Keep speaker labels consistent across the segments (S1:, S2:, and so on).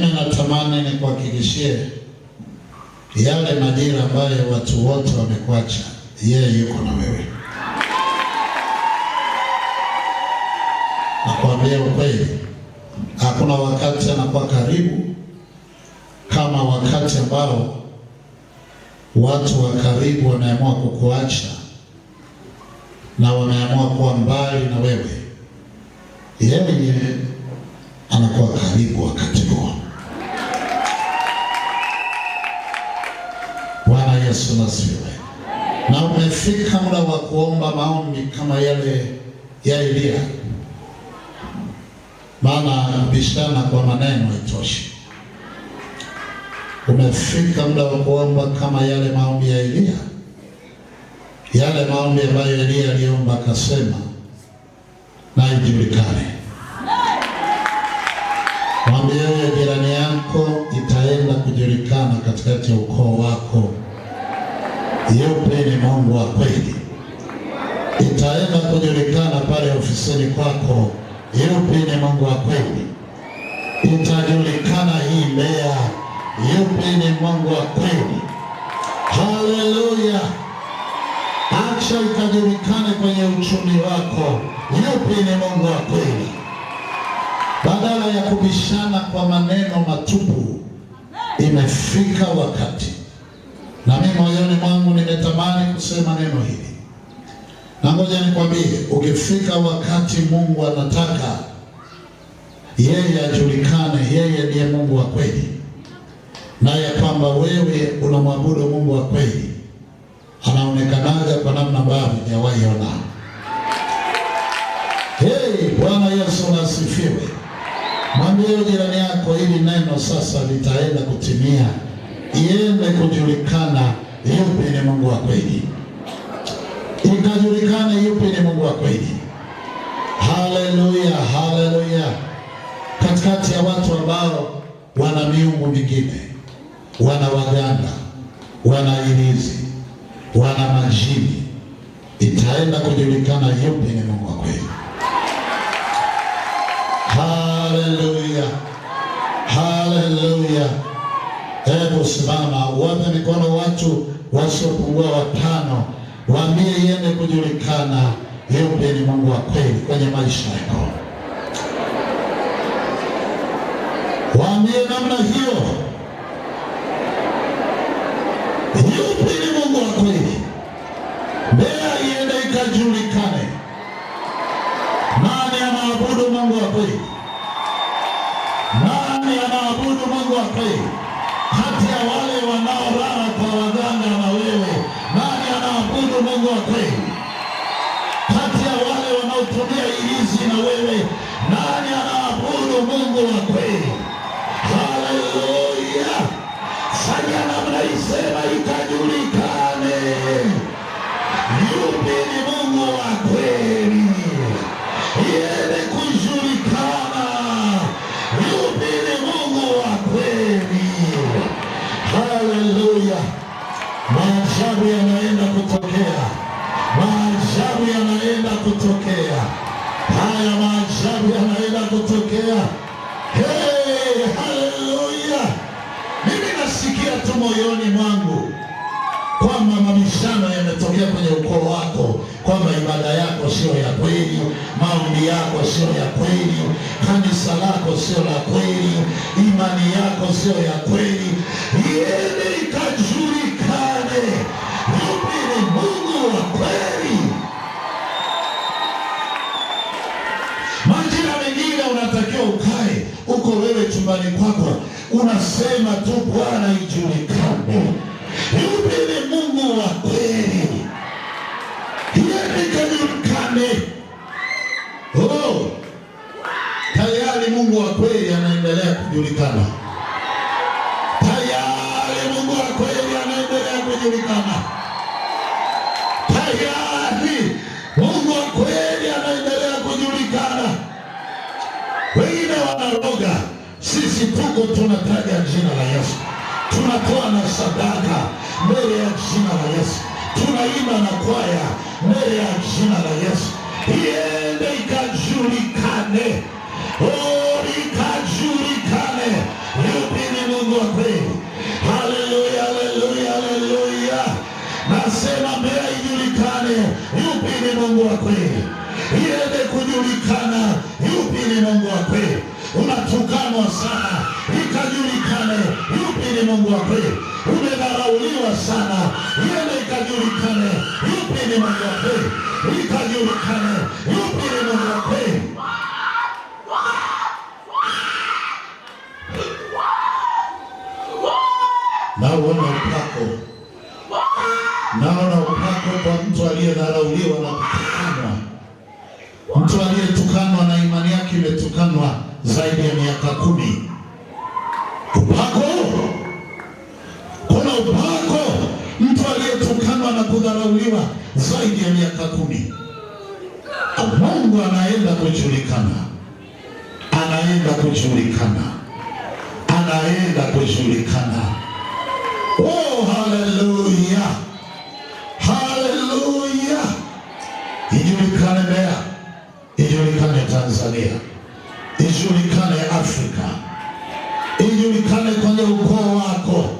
S1: Natamani nikuhakikishie yale majira ambayo watu wote wamekuacha, yeye yuko na wewe. Nakwambia ukweli, hakuna wakati anakuwa karibu kama wakati ambao watu wa karibu wameamua kukuacha na wameamua kuwa mbali na wewe, yeye anakuwa karibu wakati huo. Yesu nasiwe na umefika muda wa kuomba maombi kama yale ya Elia, maana bishana kwa maneno haitoshi. Umefika muda wa kuomba kama yale maombi ya Elia, yale maombi ambayo Elia aliomba akasema, na ijulikane. Mwambie jirani yako itaenda kujulikana katikati ya ukoo wako. Yeye ni Mungu wa kweli, itaenda kujulikana pale ofisini kwako. Yupi ni Mungu wa kweli, itajulikana hii Mbeya. Yupi ni Mungu wa kweli? Haleluya! Acha itajulikane kwenye uchumi wako. Yupi ni Mungu wa kweli, badala ya kubishana kwa maneno matupu. Imefika wakati moyoni mwangu nimetamani kusema neno hili, na ngoja nikwambie, ukifika wakati Mungu anataka yeye ajulikane, yeye ndiye Mungu wa kweli, naye kwamba wewe unamwabudu Mungu wa kweli, anaonekanaje kwa namna ambayo hujawahi ona. Hey, Bwana Yesu nasifiwe Mwambie jirani yako, hili neno sasa litaenda kutimia, iende kujulikana yupi ni Mungu wa kweli, ikajulikane yupi ni Mungu wa kweli. Haleluya, haleluya! Katikati ya watu ambao wana miungu mingine, wana waganga, wana ilizi, wana majini, itaenda kujulikana yupi ni Mungu wa kweli. Haleluya, haleluya! Hebu simama, wape mikono watu wasiopungua watano, waambie iende kujulikana, yule ni Mungu wa kweli kwenye maisha yako. Waambie namna hiyo. haya maajabu yanaenda kutokea. Hey, haleluya! Mimi nasikia tu moyoni mwangu kwamba mabishano yametokea kwenye ukoo wako, kwamba ibada yako sio ya kweli, maombi yako sio ya kweli, kanisa lako sio la kweli, imani yako sio ya kweli, iende ikajuri kwako, unasema tu Bwana ijulikane. Yupi ni Mungu wa kweli? Ijulikane. Oh, tayari Mungu wa kweli anaendelea kujulikana. Tayari Mungu wa kweli anaendelea kujulikana. Tayari Mungu wa kweli anaendelea kujulikana. Wengine wanaroga sisi tuko tunataja jina la Yesu, tunatoa na sadaka mbele ya jina la Yesu, tunaimba na kwaya mbele ya jina la Yesu, iende ikajulikane orika mapema sana, ikajulikane yupi ni Mungu wa kweli. Umedharauliwa sana, yende ikajulikane yupi ni Mungu wa kweli, ikajulikane yupi ni Mungu wa kweli. Naona upako, naona upako kwa mtu aliyedharauliwa na kutukanwa, mtu aliyetukanwa na imani yake imetukanwa zaidi ya miaka kumi. Upako, kuna upako mtu aliyetukanwa na kudharauliwa zaidi ya miaka kumi, Mungu anaenda kujulikana, anaenda kujulikana, anaenda kujulikana. Oh, haleluya, haleluya! Ijulikane Mbeya, ijulikane Tanzania. Afrika, ijulikane kwenye ukoo wako,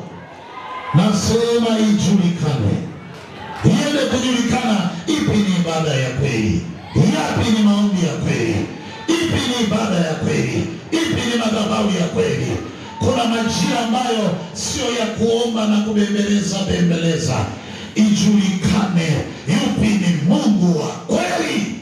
S1: nasema ijulikane, iende kujulikana. Ipi ni ibada ya kweli? Yapi ni maombi ya kweli? Ipi ni ibada ya kweli? Ipi ni madhabahu ya kweli? Kuna majira ambayo sio ya kuomba na kubembeleza bembeleza. Ijulikane yupi ni Mungu wa kweli.